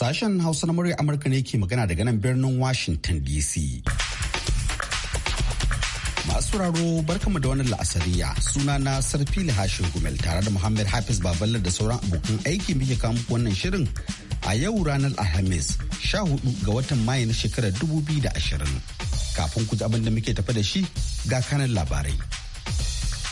Sashen Hausa na murya Amurka ne ke magana daga nan birnin Washington DC. Masu raro barkamu da wannan la'asariya suna na sarfi Hashin Gumel tare da Muhammad Hafiz Baballe da sauran abokan aiki muke kawo wannan shirin a yau ranar Alhamis 14 ga watan Mayu na shekarar 2020. Kafin ku ji abin da muke tafa da shi ga kanan labarai.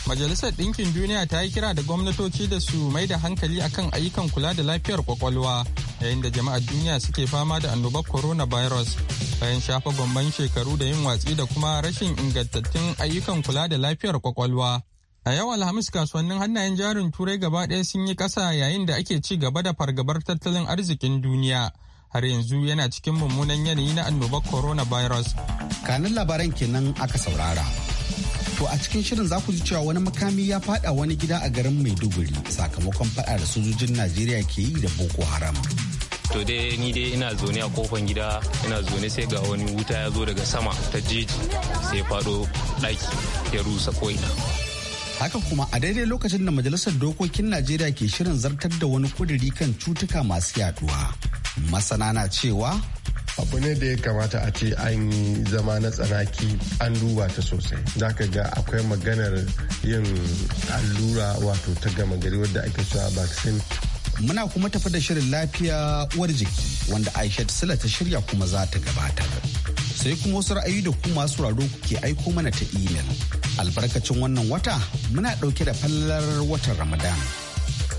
Majalisar Ɗinkin Duniya ta yi kira da gwamnatoci da su mai da hankali akan ayyukan kula da lafiyar kwakwalwa yayin da jama'ar duniya suke fama da annobar coronavirus bayan shafa gwamban shekaru da yin watsi da kuma rashin ingantattun ayyukan kula da lafiyar kwakwalwa. A yau Alhamis kasuwannin hannayen jarin Turai gaba ɗaya sun yi ƙasa yayin da ake ci gaba da fargabar tattalin arzikin duniya. Har yanzu yana cikin mummunan yanayi na annobar coronavirus. Kanin labaran kenan aka saurara. To a cikin shirin za ku ji cewa wani makami ya fada wani gida a garin Maiduguri sakamakon fada da sojojin Najeriya ke yi da Boko Haram. To dai ni dai ina zaune a kofan gida ina zaune sai ga wani wuta ya zo daga sama ta jeji sai fado ɗaki ya rusa ko'ina. Haka kuma a daidai lokacin da Majalisar Dokokin Najeriya ke shirin zartar da wani kudiri kan cutuka masu yaduwa. Masana na cewa abu ne da ya kamata a ce an yi zama na tsanaki an duba ta sosai za ka ga akwai maganar yin allura wato ta gama gari wadda ake a vaccine muna kuma tafi da shirin lafiya uwar jiki wanda aisha sila ta shirya kuma za ta gabata sai kuma wasu ra'ayi da kuma masu raro kuke aiko mana ta imel albarkacin wannan wata muna dauke da fallar watan ramadan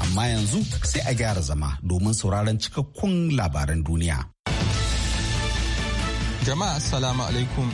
amma yanzu sai a gyara zama domin sauraron cikakkun labaran duniya Jama'a Assalamu alaikum.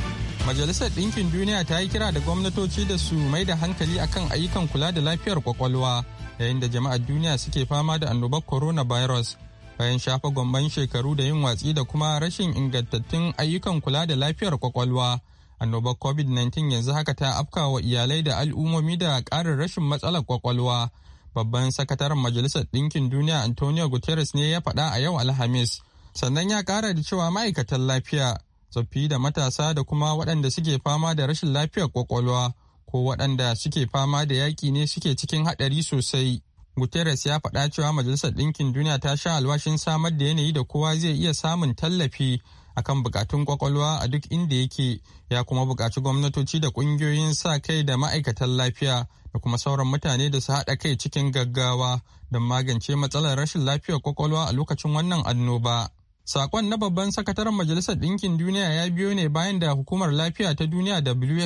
Majalisar Ɗinkin Duniya ta yi kira da gwamnatoci da su mai da hankali akan ayyukan kula da lafiyar kwakwalwa yayin da jama'ar duniya suke fama da annobar coronavirus bayan shafa gwamban shekaru da yin watsi da kuma rashin ingantattun ayyukan kula da lafiyar kwakwalwa. Annobar COVID-19 yanzu haka ta afka wa iyalai da al'ummomi da ƙarin rashin matsalar kwakwalwa. Babban sakataren Majalisar Ɗinkin Duniya Antonio Guterres ne ya faɗa a yau Alhamis. Sannan ya ƙara da cewa ma'aikatan lafiya tsoffi da matasa da kuma waɗanda suke fama da rashin lafiyar kwakwalwa ko waɗanda suke fama da yaƙi ne suke cikin haɗari sosai. Guterres ya faɗa cewa Majalisar Ɗinkin Duniya ta sha alwashin samar da yanayi da kowa zai iya samun tallafi akan buƙatun kwakwalwa a duk inda yake ya kuma buƙaci gwamnatoci da ƙungiyoyin sa kai da ma'aikatan lafiya da kuma sauran mutane da su haɗa kai cikin gaggawa don magance matsalar rashin lafiyar kwakwalwa a lokacin wannan annoba. Sakon na babban sakataren Majalisar Ɗinkin Duniya ya biyo ne bayan da Hukumar Lafiya ta Duniya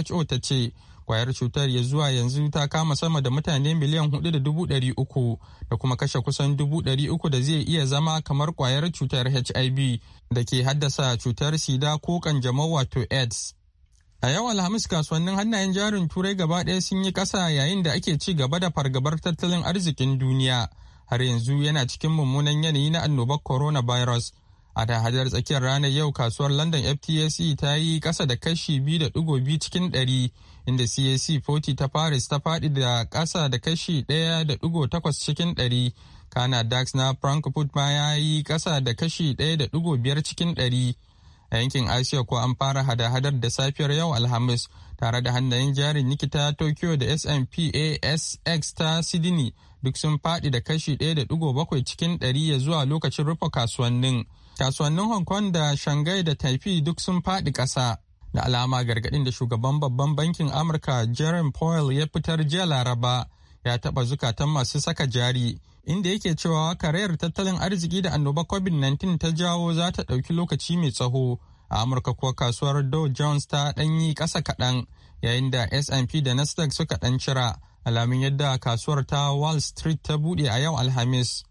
WHO ta ce kwayar cutar ya zuwa yanzu ta kama sama da mutane miliyan hudu da dubu dari uku da kuma kashe kusan dubu ɗari uku da zai iya zama kamar kwayar cutar HIV da ke haddasa cutar sida ko kanjamau wato AIDS. A yau Alhamis kasuwannin hannayen jarin Turai gaba ɗaya sun yi ƙasa yayin da ake ci gaba da fargabar tattalin arzikin duniya. Har yanzu yana cikin mummunan yanayi na annobar coronavirus a tahadar tsakiyar ranar yau kasuwar london ftse ta yi kasa da kashi 2.2 cikin 100 inda cac 40 ta paris ta faɗi da kasa da kashi 1.8 cikin 100 kana dax na frankfurt ma ya yi kasa da kashi 1.5 cikin 100 a yankin asia ko an fara hada-hadar da safiyar yau alhamis tare da hannayen jarin nikita tokyo da smpasx ta sydney duk sun faɗi da kashi 1.7 cikin 100 ya zuwa lokacin rufe kasuwannin. kasuwannin hong kong da shanghai da taipei duk sun faɗi ƙasa da alama gargaɗin da shugaban babban bankin amurka jerome powell ya fitar jiya laraba ya taɓa zukatan masu saka jari inda yake cewa karayar tattalin arziki da annoba covid-19 ta jawo za ta ɗauki lokaci mai tsaho a amurka kuwa kasuwar dow jones ta ɗanyi ƙasa kaɗan yayin da S&P da Nasdaq suka ɗan cira alamin yadda kasuwar ta Wall Street ta buɗe a yau Alhamis.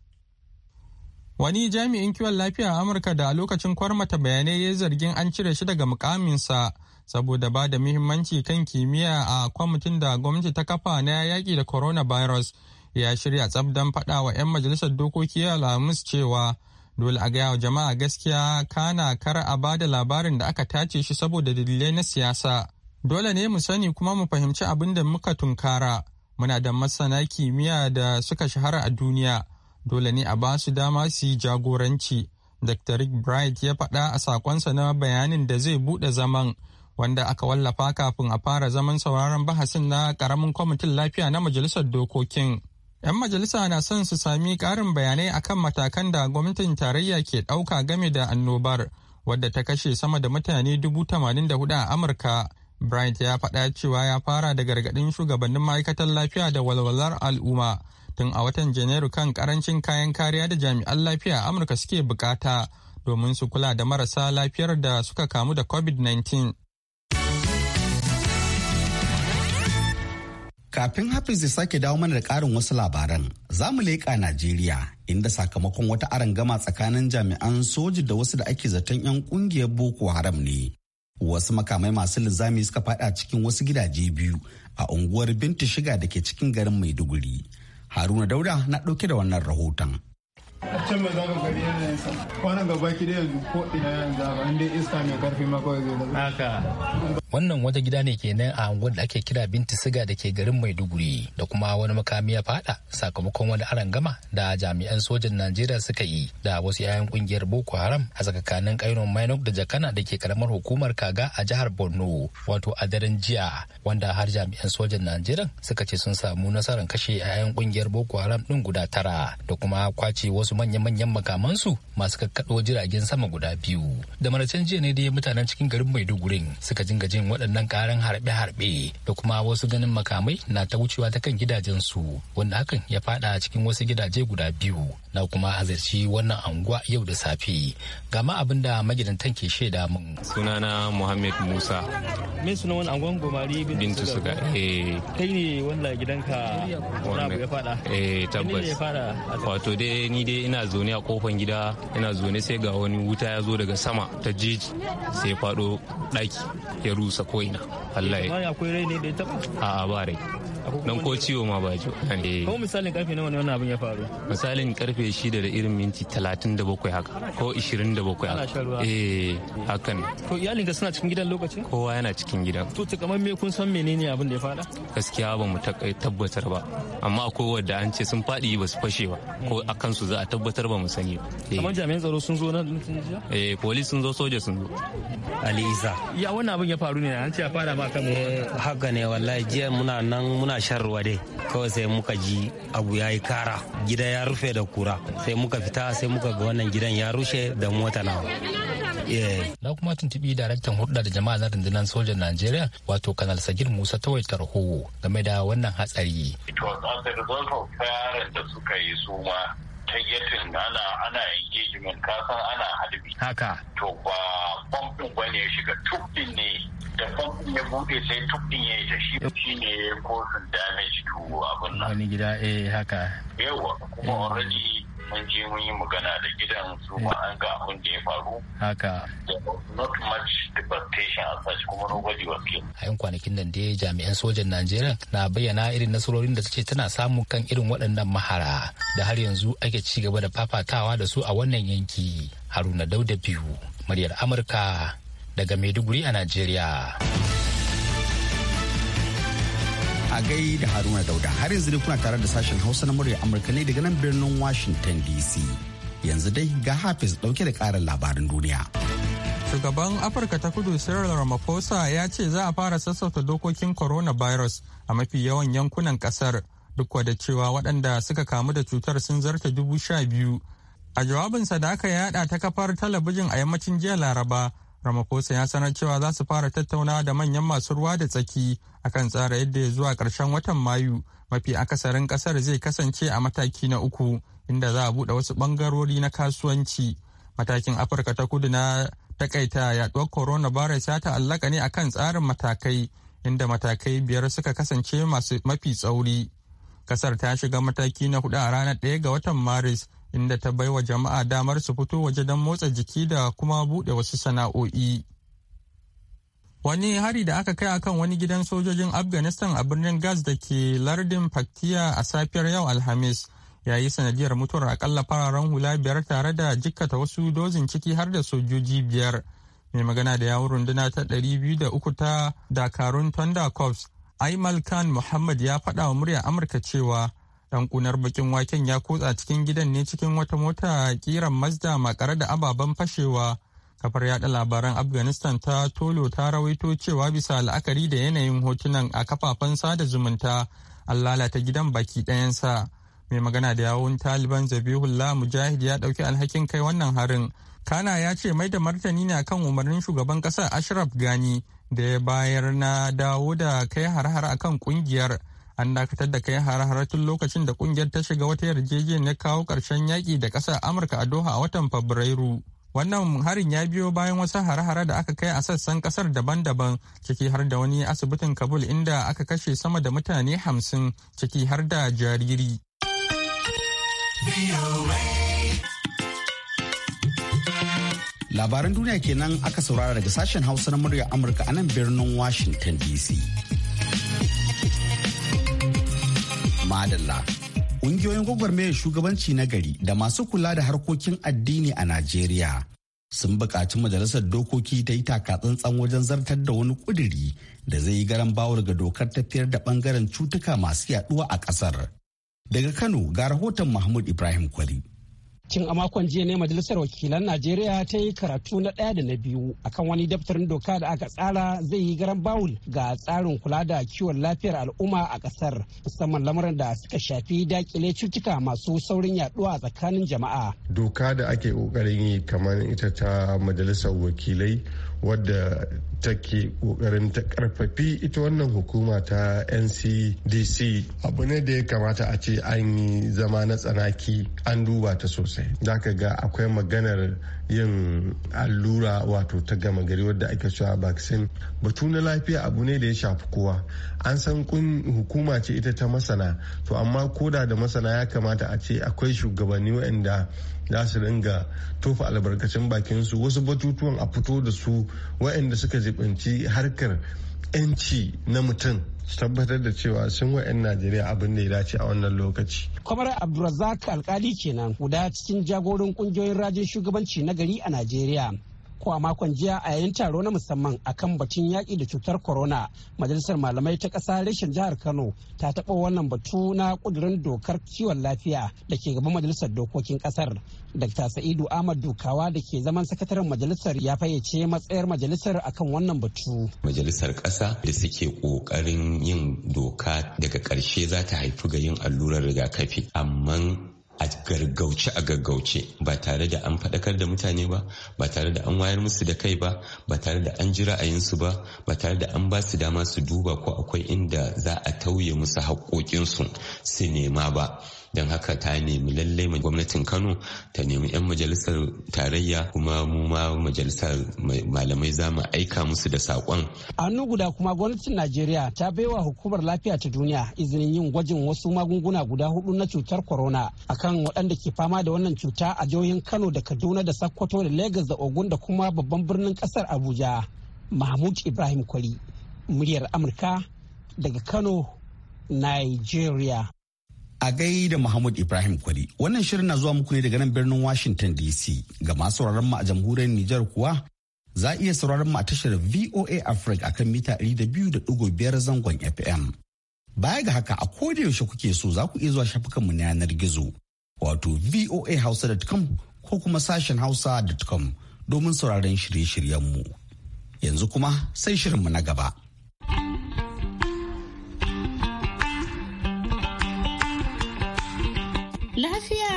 Wani jami'in kiwon lafiya a Amurka da a lokacin kwarmata bayanai ya zargin an cire shi daga mukaminsa saboda ba da muhimmanci kan kimiyya a kwamitin da gwamnati ta kafa na yaƙi da coronavirus ya shirya don faɗa wa 'yan majalisar dokoki alhamis cewa dole a gaya wa jama'a gaskiya kana kar a ba da labarin da aka tace shi saboda dalilai na siyasa. Dole ne mu sani kuma mu fahimci abin da muka tunkara. Muna da masana kimiyya da suka shahara a duniya. dole ne a ba su dama su yi jagoranci dr rick bright ya faɗa a sakonsa na bayanin da zai buɗe zaman wanda aka wallafa kafin a fara zaman sauraron bahasin na ƙaramin kwamitin lafiya na majalisar dokokin 'Yan majalisa na son su sami ƙarin bayanai akan matakan da gwamnatin tarayya ke ɗauka game da annobar wadda ta kashe sama da mutane dubu tamanin da hudu a Amurka. Bryant ya faɗa cewa ya fara da gargaɗin shugabannin ma'aikatan lafiya da walwalar al'umma tun a watan janairu kan karancin kayan kariya da jami'an lafiya a amurka suke bukata domin su kula da marasa lafiyar da suka kamu da covid-19 Kafin Hafiz ya sake dawo mana da karin wasu labaran, za mu leƙa Najeriya inda sakamakon wata arangama tsakanin jami'an soji da wasu da ake zaton 'yan kungiyar Boko Haram ne. Wasu makamai masu linzami suka fada cikin wasu gidaje biyu a unguwar Binta Shiga da ke cikin garin Maiduguri. Haruna Dauda na ɗauke da wannan rahoton. kwanan gaba ki da yanzu inda iska mai karfi ma kawai zai zama wannan wata gida ne kenan a anguwar da ake kira binti siga da ke garin maiduguri da kuma wani makami ya fada sakamakon wani arangama da jami'an sojan najeriya suka yi da wasu 'ya'yan kungiyar boko haram a tsakanin kainon minok da jakana da ke karamar hukumar kaga a jihar borno wato a daren jiya wanda har jami'an sojan najeriya suka ce sun samu nasarar kashe 'ya'yan kungiyar boko haram din guda tara da kuma kwace wasu wasu manya-manyan makamansu masu kakkaɗo jiragen sama guda biyu da maracen jiya ne dai mutanen cikin garin maiduguri suka jinga jin waɗannan karan harbe-harbe da kuma wasu ganin makamai na ta wucewa ta kan gidajensu wanda hakan ya fada cikin wasu gidaje guda biyu na kuma hazarci wannan anguwa yau da safe ga ma abin da magidantan ke shaida min sunana muhammad musa me sunan wani anguwan gomari bintu suga eh kai ne wanda gidanka wani ya fada eh tabbas wato dai ni dai ina zaune a kofan gida ina zaune sai ga wani wuta ya zo daga sama ta jeji sai faɗo ɗaki ya rusa ko ina Allah ya akwai rai ne da ya taba. a'a ba rai don ko ciwo ma ba ji ko misalin karfe nawa ne wannan abin ya faru misalin karfe shida da irin minti talatin da bakwai haka ko ishirin da bakwai haka eh hakan to ka suna cikin gidan lokacin kowa yana cikin gidan to kamar me kun san menene abin da ya faɗa? gaskiya ba mu tabbatar ba amma akwai wadda an ce sun faɗi ba su fashe ba ko a kansu za a tabbatar ba mu sani ba eh. kamar jami'an tsaro sun zo nan eh police sun zo soja sun zo ali isa ya wannan abin ya faru ne an ce a fara ma kan eh, haka ne wallahi jiya muna nan muna shan ruwa dai kawai sai muka ji abu ya yi kara gida ya rufe da kura sai muka fita sai muka ga wannan gidan ya rushe da mota na Na kuma tuntubi daraktan hulɗa da jama'a na rundunar sojan Najeriya wato Kanal Sagir Musa Tawai Tarho game da wannan hatsari. It was as result of da suka yi suma ta getin ana ana engagement kasan ana halibi Haka. To ba bambin bane shiga tuffin ne da famfin ya bude sai tukin ya yi ta shi shi ne ya kofin damage to abin nan wani gida eh haka yawa kuma already mun je mun yi magana da gidan su ma an ga abin da ya faru haka not much deportation as such kuma nobody was killed a yan kwanakin nan dai jami'an sojan Najeriya na bayyana irin nasarorin da ce tana samun kan irin waɗannan mahara da har yanzu ake ci gaba da fafatawa da su a wannan yanki Haruna Dauda biyu muryar Amurka daga Maiduguri a Najeriya. A gai da Haruna Dauda har yanzu kuna tare da sashen Hausa na murya Amurka ne daga nan birnin Washington DC. Yanzu dai ga Hafiz dauke da karin labarin duniya. Shugaban Afirka ta kudu Cyril Ramaphosa ya ce za a fara sassauta dokokin coronavirus a mafi yawan yankunan kasar duk da cewa waɗanda suka kamu da cutar sun zarta dubu sha biyu. A jawabinsa da aka yada ta kafar talabijin a yammacin jiya Laraba, Ramaphosa ya sanar cewa za su fara tattaunawa da manyan masu ruwa da tsaki akan tsara yadda ya zuwa ƙarshen watan Mayu mafi akasarin ƙasar zai kasance a mataki na uku inda za a buɗe wasu ɓangarori na kasuwanci. Matakin Afirka ta kudu na takaita yaɗuwar coronavirus ya ta'allaka ne akan tsarin matakai inda matakai biyar suka kasance masu mafi tsauri. Kasar ta shiga mataki na hudu a ranar ɗaya ga watan Maris inda ta bai wa jama'a damar su fito waje don motsa jiki da kuma buɗe wasu sana'o'i. Wani hari da aka kai akan wani gidan sojojin Afghanistan a birnin Gas da ke lardin Paktiya a safiyar yau Alhamis ya yi sanadiyar mutuwar akalla fararen hula biyar tare da jikkata wasu dozin ciki har da sojoji biyar. Mai magana da yawon runduna ta ɗari biyu da uku ta Dakarun Thunder Corps, Aimal Khan Muhammad ya faɗa wa muryar Amurka cewa dan kunar bakin waken ya kutsa cikin gidan ne cikin wata mota kiran mazda makare da ababen fashewa kafar yada labaran afghanistan ta tolo ta rawaito cewa bisa la'akari da yanayin hotunan a kafafen sada zumunta an lalata gidan baki ɗayansa mai magana da yawun taliban zabihullah mujahid ya ɗauki alhakin kai wannan harin kana ya ce mai da martani ne akan umarnin shugaban ƙasar ashraf gani da ya bayar na dawo da kai har-har akan kungiyar an dakatar da kai har tun lokacin da kungiyar ta shiga wata yarjejeniyar kawo karshen yaki da ƙasar amurka a doha a watan fabrairu wannan harin ya biyo bayan wasu hare-hare da aka kai a sassan kasar daban-daban ciki har da wani asibitin kabul inda aka kashe sama da mutane hamsin ciki har da jariri labaran duniya kenan aka saurara daga sashen hausa na murya amurka a nan birnin washington dc Madalla. Ƙungiyoyin gwagwarmayar shugabanci na gari da masu kula da harkokin addini a Najeriya sun buƙaci majalisar dokoki ta yi takatsantsan wajen zartar da wani ƙudiri da zai yi garan bawar ga dokar tafiyar da ɓangaren cutuka masu yaɗuwa a ƙasar. Daga Kano ga rahoton Mahmud Ibrahim Kwari. Cin a makon jiya ne Majalisar Wakilan Najeriya ta yi karatu na ɗaya da na biyu akan wani daftarin doka da aka tsara zai yi garan bawul ga tsarin kula da kiwon lafiyar al'umma a ƙasar musamman lamuran da suka shafi dakile cutuka masu saurin yaduwa tsakanin jama'a. Doka da ake ƙoƙarin yi kamar ita ta Majalisar Wakilai wadda take kokarin ta karfafi ita wannan hukuma ta ncdc abu ne da ya kamata a ce an yi zama na tsanaki an duba ta sosai zaka ga akwai maganar yin allura wato ta gama gari wadda ake cewa vaccine batu na lafiya abu ne da ya shafi kowa an san kun hukuma ce ita ta masana to amma koda da masana ya kamata a ce akwai shugabanni waɗanda za su ringa tofa albarkacin bakin su wasu batutuwan a fito da su wa'anda suka jibanci harkar 'yanci na mutum su tabbatar da cewa sun wa'yan najeriya abin da ya dace a wannan lokaci. kwamar abdulrazak alkali kenan guda cikin jagoran kungiyoyin rajin shugabanci na gari a najeriya ko a makon jiya a yayin taro na musamman akan batun yaƙi da cutar corona majalisar malamai ta ƙasa reshen jihar kano ta taɓa wannan batu na ƙudurin dokar kiwon lafiya da ke gaban majalisar dokokin ƙasar dr sa'idu ahmad dukawa da ke zaman sakataren majalisar ya fayyace matsayar majalisar akan wannan batu majalisar ƙasa da suke ƙoƙarin yin doka daga ƙarshe za ta haifi ga yin allurar rigakafi amma a gargauce a gaggauce ba tare da an faɗakar da mutane ba ba tare da an wayar musu da kai ba ba tare da an ji ra'ayinsu ba ba tare da an ba su dama su duba ko akwai inda za a tauye musu haƙoƙinsu su nema ba don haka ta nemi lallai gwamnatin kano ta nemi 'yan majalisar tarayya kuma mu ma majalisar malamai za mu aika musu da sakon. a hannu guda kuma gwamnatin najeriya ta baiwa hukumar lafiya ta duniya izinin yin gwajin wasu magunguna guda hudu na cutar corona akan waɗanda ke fama da wannan cuta a jihohin kano da kaduna da sokoto da lagos da ogun da kuma babban birnin ƙasar abuja mahmud ibrahim kwari muryar amurka daga kano nigeria A da Muhammad Ibrahim Kwari, wannan shirin na zuwa muku ne daga nan birnin Washington DC ga masu sauraron mu a jamhuriyar Nijar kuwa za iya sauraron mu a tashar VOA Africa akan mita 200.5 zangon FM. Baya ga haka a koda yaushe kuke so za ku iya zuwa shafukan mu na yanar gizo wato voahausa.com ko kuma sashen hausa.com domin sauraron shirye-shiryen mu. Yanzu kuma sai shirin mu na gaba. Lafiya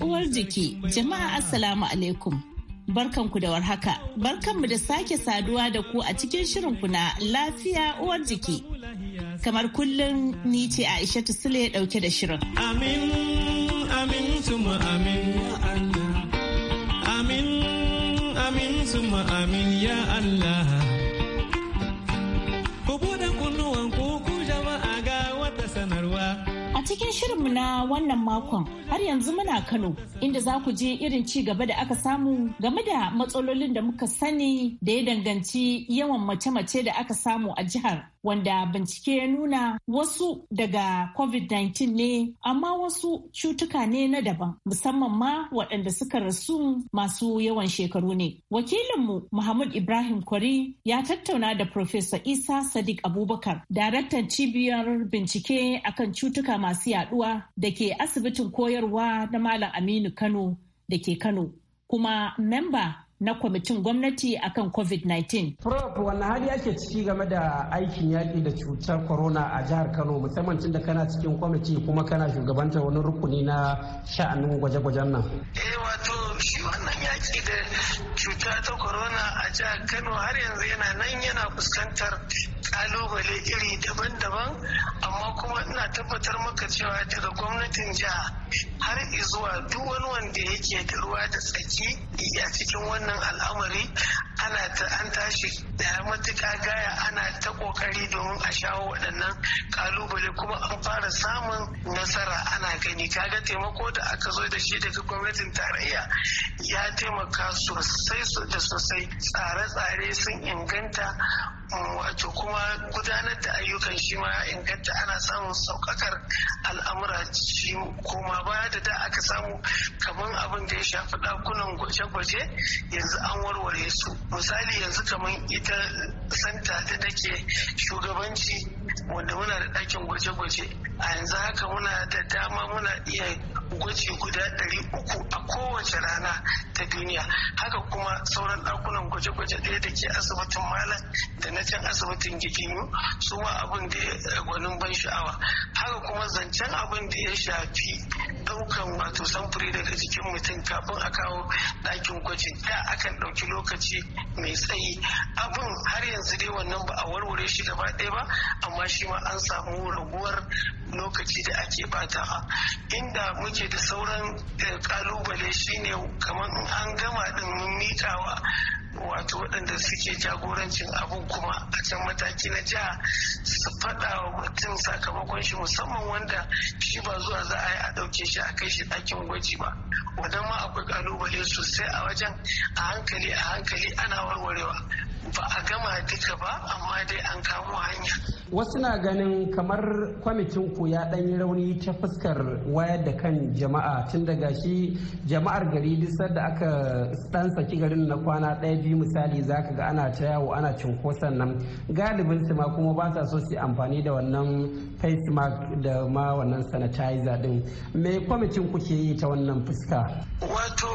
uwar jiki, jama'a Assalamu alaikum. Barkanku da warhaka, barkanmu da sake saduwa da ku a cikin shirinku na lafiya uwar jiki. Kamar kullum ni ce Aishatu Sule dauke da shirin. Amin, amin, tuma amin ya Allah. Amin, amin, tuma amin ya Allah. cikin shirinmu na wannan makon har yanzu muna Kano inda za ku je irin ci gaba da aka samu game da matsalolin da muka sani da ya danganci yawan mace-mace da aka samu a jihar. wanda bincike ya nuna wasu daga covid-19 ne amma wasu cutuka ne na daban musamman ma waɗanda suka rasu masu yawan shekaru ne wakilinmu muhammad ibrahim kwari ya tattauna da Profesa isa sadiq abubakar daraktan cibiyar bincike akan cutuka masu yaduwa da ke asibitin koyarwa na malam aminu kano da ke kano kuma memba na kwamitin gwamnati akan covid-19. Prof wannan hali ake ciki game da aikin yaƙi da cutar corona a jihar Kano musamman tunda da kana cikin kwamiti kuma kana shugabantar wani rukuni na sha'anin gwaje-gwajen nan. Eh wato shi wannan yaki da cuta ta corona a jihar kano har yanzu yana nan yana fuskantar kalubale iri daban-daban amma kuma ina tabbatar maka cewa daga gwamnatin jiha har zuwa duk wani wanda yake da ruwa da tsaki a cikin wannan al'amari ana ta an tashi da matuƙa gaya ana ta ƙoƙari domin a shawo waɗannan kalubale kuma an fara samun nasara ana gani kaga taimako da aka zo da shi daga gwamnatin tarayya ya taimaka sosai da sosai tsare-tsare sun inganta mm, wato kuma gudanar da ayyukan shi ma inganta ana samun saukakar al'amura shi koma ba da da aka samu kamar abin da ya shafi dakunan gwaje-gwaje yanzu an warware su misali yanzu kamar ita santa da take shugabanci wanda muna da dakin gwaje-gwaje a yanzu haka muna da dama muna iya gwaji guda ɗari uku a kowace rana ta duniya haka kuma sauran ɗakunan gwaje-gwaje ɗaya da ke asibitin malam da na can asibitin giginyu su ma abin da ya eh, gwanin ban sha'awa haka kuma zancen abin da ya shafi ɗaukan wato samfuri daga jikin mutum kafin a kawo ɗakin gwajin da akan ɗauki lokaci mai tsayi abin har yanzu dai wannan ba a warware shi gaba ɗaya ba amma shi ma an samu raguwar lokaci da ake bata inda muke da sauran eh, kalubale shine kamar in an gama din mun wato waɗanda suke jagorancin abun kuma a can mataki na jiha su faɗa wa mutum sakamakon shi musamman wanda shi ba zuwa za a yi a ɗauke shi a kai shi ɗakin gwaji ba wannan ma akwai ƙalubale sosai a wajen a hankali a hankali ana warwarewa ba a duka ba amma dai an kamo hanya wasu na ganin kamar kwamitin ku ya dan yi rauni ta fuskar wayar da kan jama'a tun daga shi jama'ar gari dusar da aka dan saki garin na kwana ɗaya biyu misali za ka ga ana ta yawo ana cinkoson nan galibin su ma kuma ba sa so su amfani da wannan face mask da ma wannan sanitizer din me kwamitin ku ke yi ta wannan fuska wato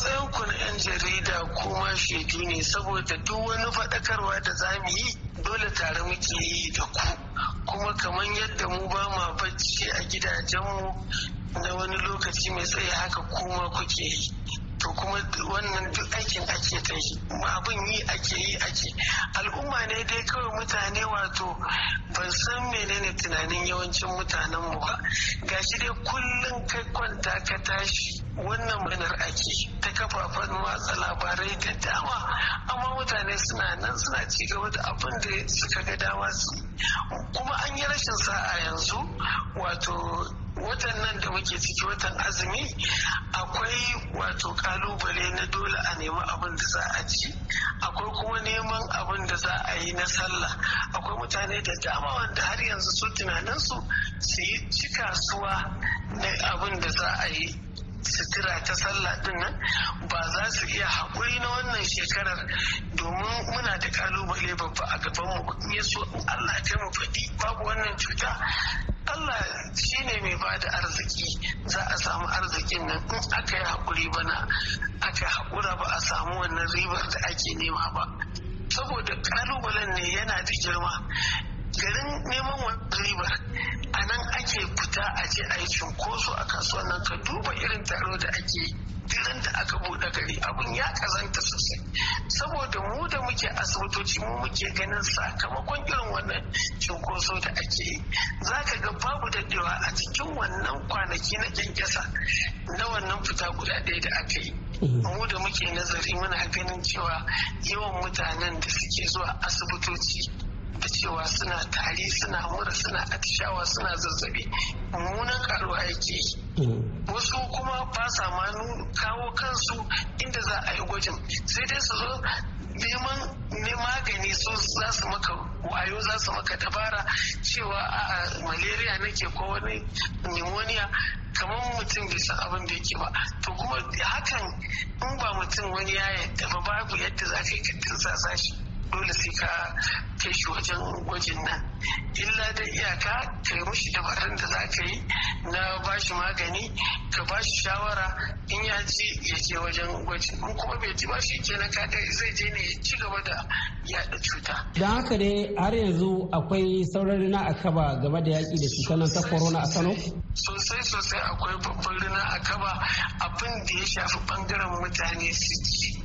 matsayin ku na 'yan jarida kuma shaidu ne saboda duk wani faɗakarwa da za mu yi dole tare muke yi da ku kuma kamar yadda mu ba ma bacci a gidajenmu na wani lokaci mai tsaye haka kuma kuke yi to kuma wannan duk aikin ake ta yi abin yi ake yi ake al'umma ne dai kawai mutane wato ban san menene tunanin yawancin mutanen mu ba gashi dai kullum kai kwanta ka tashi wannan manar ake ta kafafen watsa labarai da dama amma mutane suna nan suna ci gaba da abin da suka ga dama su kuma an yi rashin sa'a yanzu wato watan nan da muke ciki watan azumi akwai wato kalubale na dole a nemi abin da za a ci akwai kuma neman abin da za a yi na sallah akwai mutane da dama wanda har yanzu su tunaninsu su yi ci kasuwa na abin da za a yi sutura ta sallah din nan ba za su iya haƙuri na wannan shekarar domin muna da ƙalubale babba a gabanmu mu ya so Allah ya mu faɗi babu wannan cuta Allah shi ne mai ba da arziki za a samu arzikin nan in aka yi haƙuri bana aka haƙura ba a samu wannan ribar da ake nema ba saboda ƙalubalen ne yana da girma garin neman wani ribar a nan ake fita a je a yi cunkoso a kasuwan nan ka duba irin taro da ake yi da aka buɗe gari abun ya kazanta sosai saboda mu da muke asibitoci mu muke ganin sakamakon irin wannan cunkoso da ake yi za ka ga babu daɗewa a cikin wannan kwanaki na kyankyasa na wannan fita guda ɗaya da aka yi mm. mu da muke nazari muna ganin cewa yawan mutanen da suke zuwa asibitoci da cewa suna tari suna mura suna atishawa suna zazzabi mummunan karuwa yake yi mm. wasu kuma ba sa ma kawo kansu inda za a yi gwajin sai dai su zo neman ne magani so za su maka wayo za su maka dabara cewa a malaria nake ko wani pneumonia kamar mutum bai san abin da yake ba to kuma hakan in ba mutum wani ya yadda ba babu yadda za ka yi ka shi dole sai ka kai shi wajen gwajin nan illa da iyaka ka yi mushi dabarun da za ka yi na ba shi magani ka ba shi shawara in ya ji ya je wajen gwajin in kuma bai ji ba shi ke na kada zai je ne ya ci gaba da yaɗa cuta. don haka dai har yanzu akwai sauran rina a kaba game da yaƙi da cutar nan ta corona a kano. sosai sosai akwai babban rina a kaba abin da ya shafi bangaren mutane su ji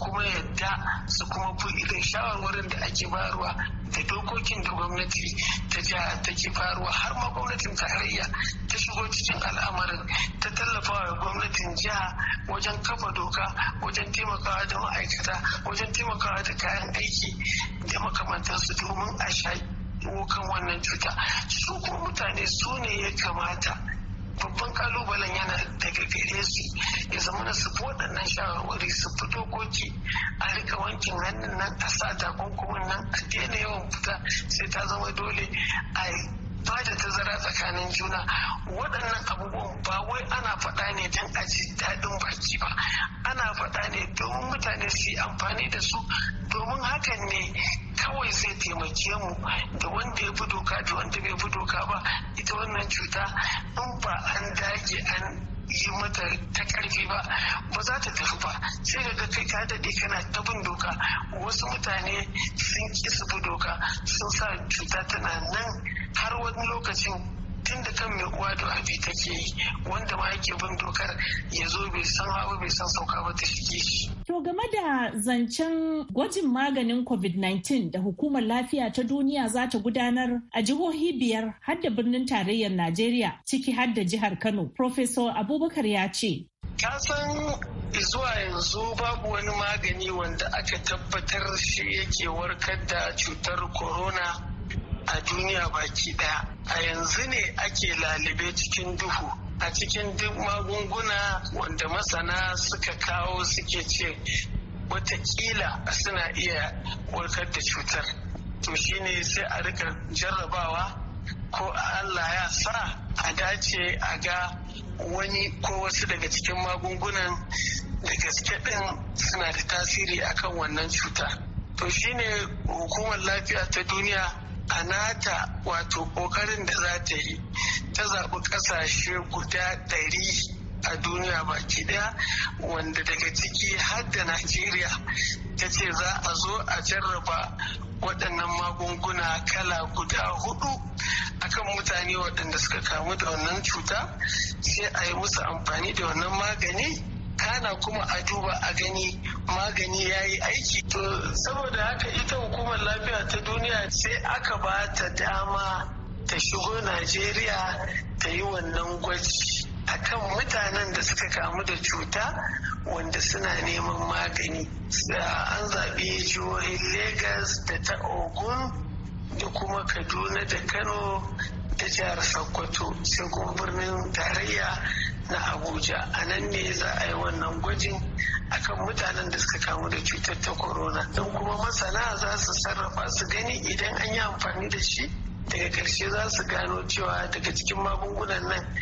kuma yadda su kuma bi irin shawarwarin da ake faruwa da dokokin da gwamnati ta jiha take faruwa har ma gwamnatin tarayya ta shigo cikin al'amarin ta tallafa wa gwamnatin jiha wajen kafa doka wajen taimakawa da ma'aikata wajen taimakawa da kayan aiki da makamantansu domin a sha kan wannan cuta su kuma mutane su ne ya kamata babban kalubalen yana daga gare su ya zama na su waɗannan shawarwari su fi dokoki a rika wankin hannun nan a sa takunkumin nan a daina yawan fita sai ta zama dole a bada tazara tsakanin juna waɗannan abubuwan ba wai ana faɗa ne don aji daɗin baki ba ana faɗa ne domin mutane su yi amfani da su domin hakan ne kawai zai taimake mu da wanda ya fi doka da wanda bai fi doka ba ita wannan cuta in ba an dage an yi mata ta karfi ba ba za ta tafi ba sai daga kai ka daɗe kana ta bin doka wasu mutane sun ki su doka sun sa cuta tana nan har wani lokacin tun kan mai uwa da abi take yi wanda ma yake bin dokar ya zo bai san hawa bai san sauka ba ta shige shi. To game da zancen gwajin maganin COVID-19 da hukumar lafiya ta duniya za ta gudanar a jihohi biyar har da birnin tarayyar Najeriya ciki har da jihar Kano. Professor Abubakar ya ce. Ka san zuwa yanzu babu wani magani wanda aka tabbatar shi yake warkar da cutar corona a duniya baki daya a yanzu ne ake lalube cikin duhu a cikin duk magunguna wanda masana suka kawo suke ce watakila suna iya warkar da cutar to shine sai a rika jarrabawa ko allah ya sa a dace a ga wani ko wasu daga cikin magungunan da gaske ɗin suna da tasiri akan wannan cuta to shine hukumar lafiya ta duniya a nata wato kokarin da za ta yi ta zaɓi ƙasashe guda ɗari a duniya baki ɗaya wanda daga ciki har da najeriya ta ce za a zo a jarraba waɗannan magunguna kala guda hudu akan mutane waɗanda suka kamu da wannan cuta sai a yi musu amfani da wannan magani kana kuma a duba a gani magani ya yi aiki to saboda haka ita hukumar lafiya ta duniya sai aka ba ta dama ta shigo najeriya ta yi wannan gwaji kan mutanen da suka kamu da cuta wanda suna neman magani an zaɓi jihohin Legas da ta ogun da kuma kaduna da kano ta jihar sokoto sai kuma birnin tarayya na abuja a nan ne za a yi wannan gwajin akan mutanen da suka kamu da cutar ta corona don kuma masana za su sarrafa su gani idan an yi amfani da shi daga karshe za su gano cewa daga cikin magungunan nan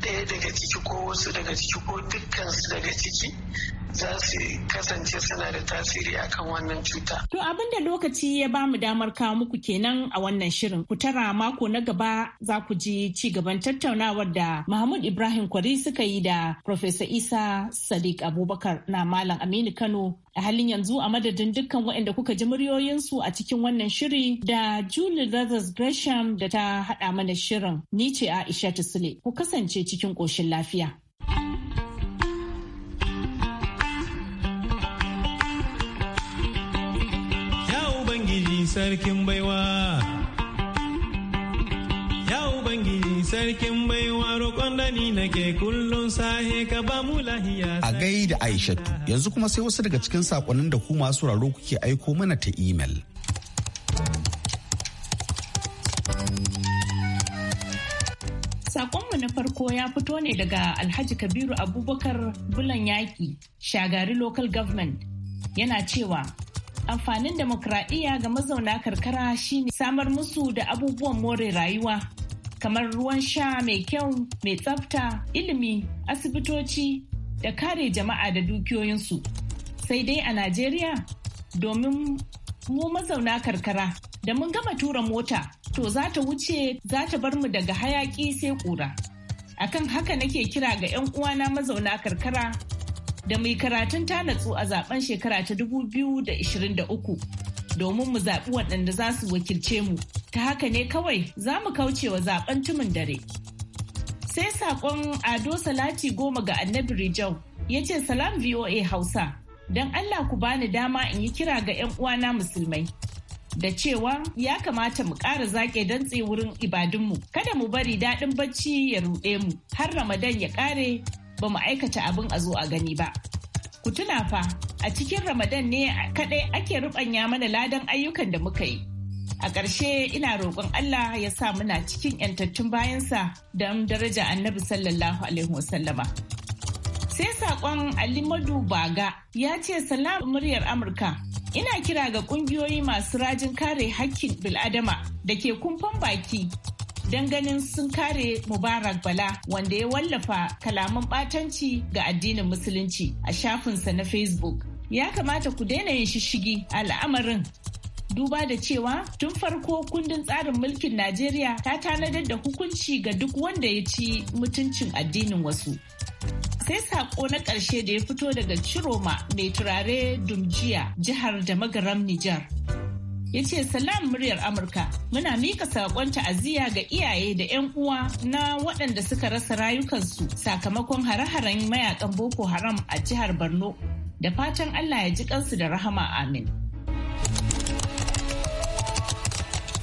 daya daga ciki ko wasu daga ciki ko su daga ciki za su kasance suna da tasiri akan wannan cuta. To abinda lokaci ya ba mu damar kawo muku kenan a wannan shirin. Ku tara mako na gaba za ku ji ci gaban tattaunawar da Mahmud Ibrahim Kwari suka yi da Professor Isa Sadiq Abubakar na Malam Aminu Kano a halin yanzu a madadin dukkan waɗanda kuka ji muryoyinsu a cikin wannan shiri da Julie Brothers Gresham da ta haɗa mana shirin. Ni ce Aisha sule Ku kasance cikin ƙoshin lafiya. sarkin baiwa ya ubangiji sarkin baiwa roƙon da ni nake kullum sahe ka ba mu lahiya a gaida aishatu yanzu kuma sai wasu daga cikin sakonnin da ku masu raro kuke aiko mana ta imel Sakonmu na farko ya fito ne daga Alhaji Kabiru Abubakar Bulan Yaki, Shagari Local Government, yana cewa Amfanin demokradiyya ga mazauna karkara shine samar musu da abubuwan more rayuwa kamar ruwan sha mai kyau, mai tsafta, ilimi, asibitoci da kare jama'a da dukiyoyinsu. Sai dai a Najeriya domin mu mazauna karkara da mun gama tura mota to za ta wuce za ta bar mu daga hayaki sai kura. Akan haka nake kira ga 'yan uwana mazauna karkara da mai karatun ta natsu a zaben shekara ta 2023 domin mu zaɓi waɗanda za su wakilce mu ta haka ne kawai za mu wa zaben tumin dare. Sai saƙon Ado Salati goma ga Annabi Rijau ya ce salam VOA Hausa don Allah ku bani dama in yi kira ga 'yan uwana musulmai. Da cewa ya kamata mu ƙara zaƙe don wurin ibadunmu, kada mu bari daɗin bacci ya ruɗe mu har Ramadan ya ƙare ba mu aikata abin a zo a gani ba. Ku tuna fa a cikin Ramadan ne kaɗai ake ruɓanya mana ladan ayyukan da muka yi. A ƙarshe ina roƙon Allah ya sa muna cikin ‘yantattun bayansa don daraja annabi sallallahu Alaihi wasallama. Sai saƙon Alimadu Baga ya ce Salamu muryar Amurka. Ina kira ga ƙungiyoyi masu rajin kare haƙƙin bil'adama da ke kumfan baki don ganin sun kare Mubarak Bala wanda ya wallafa kalaman batanci ga addinin Musulunci a shafinsa na Facebook. Ya kamata ku daina yin shishigi al'amarin duba da cewa tun farko kundin tsarin mulkin Najeriya ta tanadar da hukunci ga duk wanda ya ci mutuncin addinin wasu. Sai sako na ƙarshe da ya fito daga Ciroma mai turare Dumjiya jihar da magaram Nijar. ya ce salam muryar Amurka muna mika saƙon ta'aziyya ga iyaye da 'yan uwa na waɗanda suka rasa rayukansu sakamakon hare-haren mayakan Boko Haram a jihar Borno da fatan Allah ya ji kansu da rahama amin.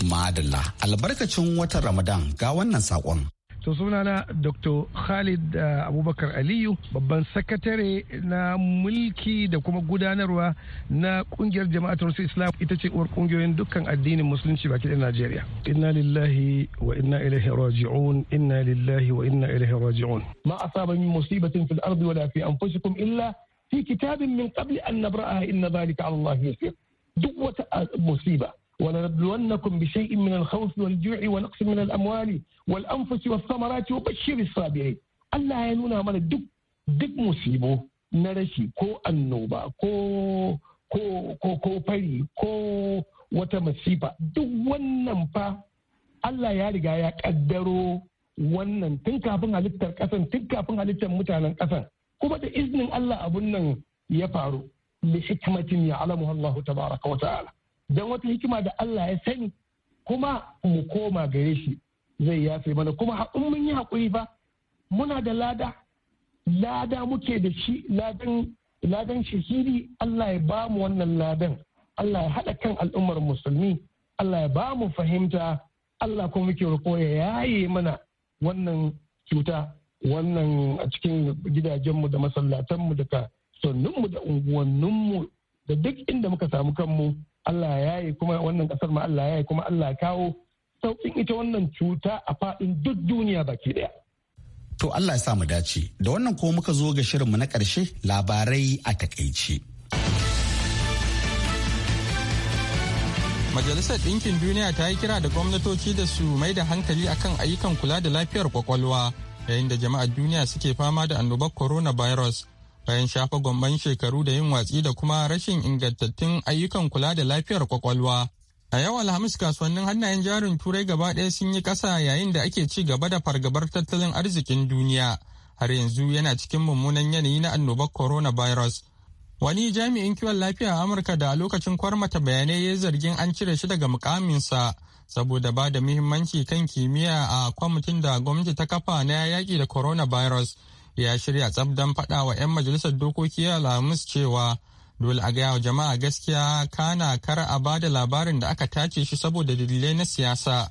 Madalla albarkacin watan Ramadan ga wannan saƙon. to sunana dr khalid eh, abubakar aliyu babban sakatare na mulki da kuma gudanarwa na kungiyar jama'atar islam ita ce uwar kungiyoyin dukkan addinin musulunci baki da najeriya inna lillahi wa inna ilaihi raji'un inna lillahi wa inna ilaihi raji'un ma asaba min musibatin fil ardi wala fi anfusikum illa fi kitabin min qabli an nabra'aha inna dhalika 'ala Allah yasir duk wata musiba ولنبلونكم بشيء من الخوف والجوع ونقص من الأموال والأنفس والثمرات وبشر الصابرين الله ينونا من الدك دك مصيبه نرشي كو النوبة كو ko ko ko fari ko wata masifa duk wannan fa Allah ya riga ya kaddaro wannan tun kafin halittar kasan tun kafin halittar mutanen kasan kuma da iznin Allah abun nan ya faru li hikmatin ya alamu Allah tabaraka wa ta'ala don wata hikima da Allah ya sani kuma mu koma gare shi zai yafe mana kuma in mun yi haƙuri ba muna da lada lada muke da shi ladan ladan Allah ya ba mu wannan ladan Allah ya haɗa kan al'ummar musulmi Allah ya ba mu fahimta Allah kuma muke roƙo ya yaye mana wannan cuta wannan a cikin gidajenmu da masallatanmu da ka da unguwanninmu da duk inda muka samu kanmu Allah ya yi kuma wannan kasar ma Allah ya yi kuma Allah kawo sauƙin ita wannan cuta a faɗin duk duniya baki ɗaya. To Allah ya sa mu dace da wannan ko muka zo ga shirinmu na ƙarshe labarai a takaice. Majalisar Ɗinkin Duniya ta yi kira da gwamnatoci da su mai da hankali akan ayyukan kula da lafiyar kwakwalwa yayin da jama'ar duniya suke fama da annobar coronavirus bayan shafa gwamban shekaru da yin watsi da kuma rashin ingantattun ayyukan kula da lafiyar kwakwalwa. A yau Alhamis kasuwannin hannayen jarin Turai gaba ɗaya sun yi ƙasa yayin da ake ci gaba da fargabar tattalin arzikin duniya. Har yanzu yana cikin mummunan yanayi na annobar coronavirus. Wani jami'in kiwon lafiya a Amurka da a lokacin kwarmata bayanai ya zargin an cire shi daga mukaminsa saboda ba da muhimmanci kan kimiyya a kwamitin da gwamnati ta kafa na yaƙi da coronavirus. ya shirya tsabdan faɗa wa 'yan majalisar dokoki lamus cewa dole a gaya wa jama'a gaskiya kana kara a ba da labarin da aka tace shi saboda dalilai na siyasa.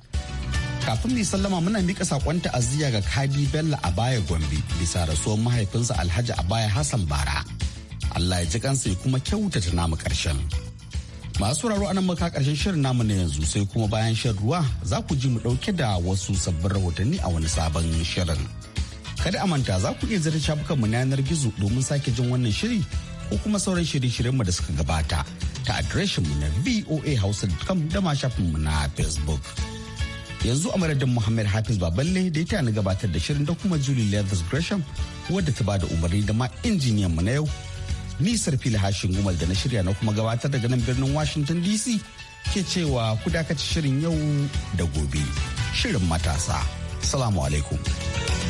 kafin mai sallama muna mika sakon ta'aziyya ga kadi bello a baya gombe bisa rasuwar mahaifinsa alhaji a baya hassan bara allah ya ji kansa ya kuma kyautata namu karshen masu raro anan maka karshen shirin namu na yanzu sai kuma bayan shan ruwa za ku ji mu dauke da wasu sabbin rahotanni a wani sabon shirin. Kada a manta za ku iya zira shafukanmu na yanar gizo domin sake jin wannan shiri ko kuma sauran shirye-shiryenmu da suka gabata ta adireshinmu na voa hausa da ma shafinmu na Facebook. Yanzu a madadin Muhammad Hafiz Baballe da ya na gabatar da shirin da kuma Julie Leathers Gresham wadda ta bada umarni da ma injiniyan mu na yau. Ni Sarfila Hashin Gumal da na shirya na kuma gabatar daga nan birnin Washington DC ke cewa ku dakaci shirin yau da gobe. Shirin matasa. Salamu alaikum.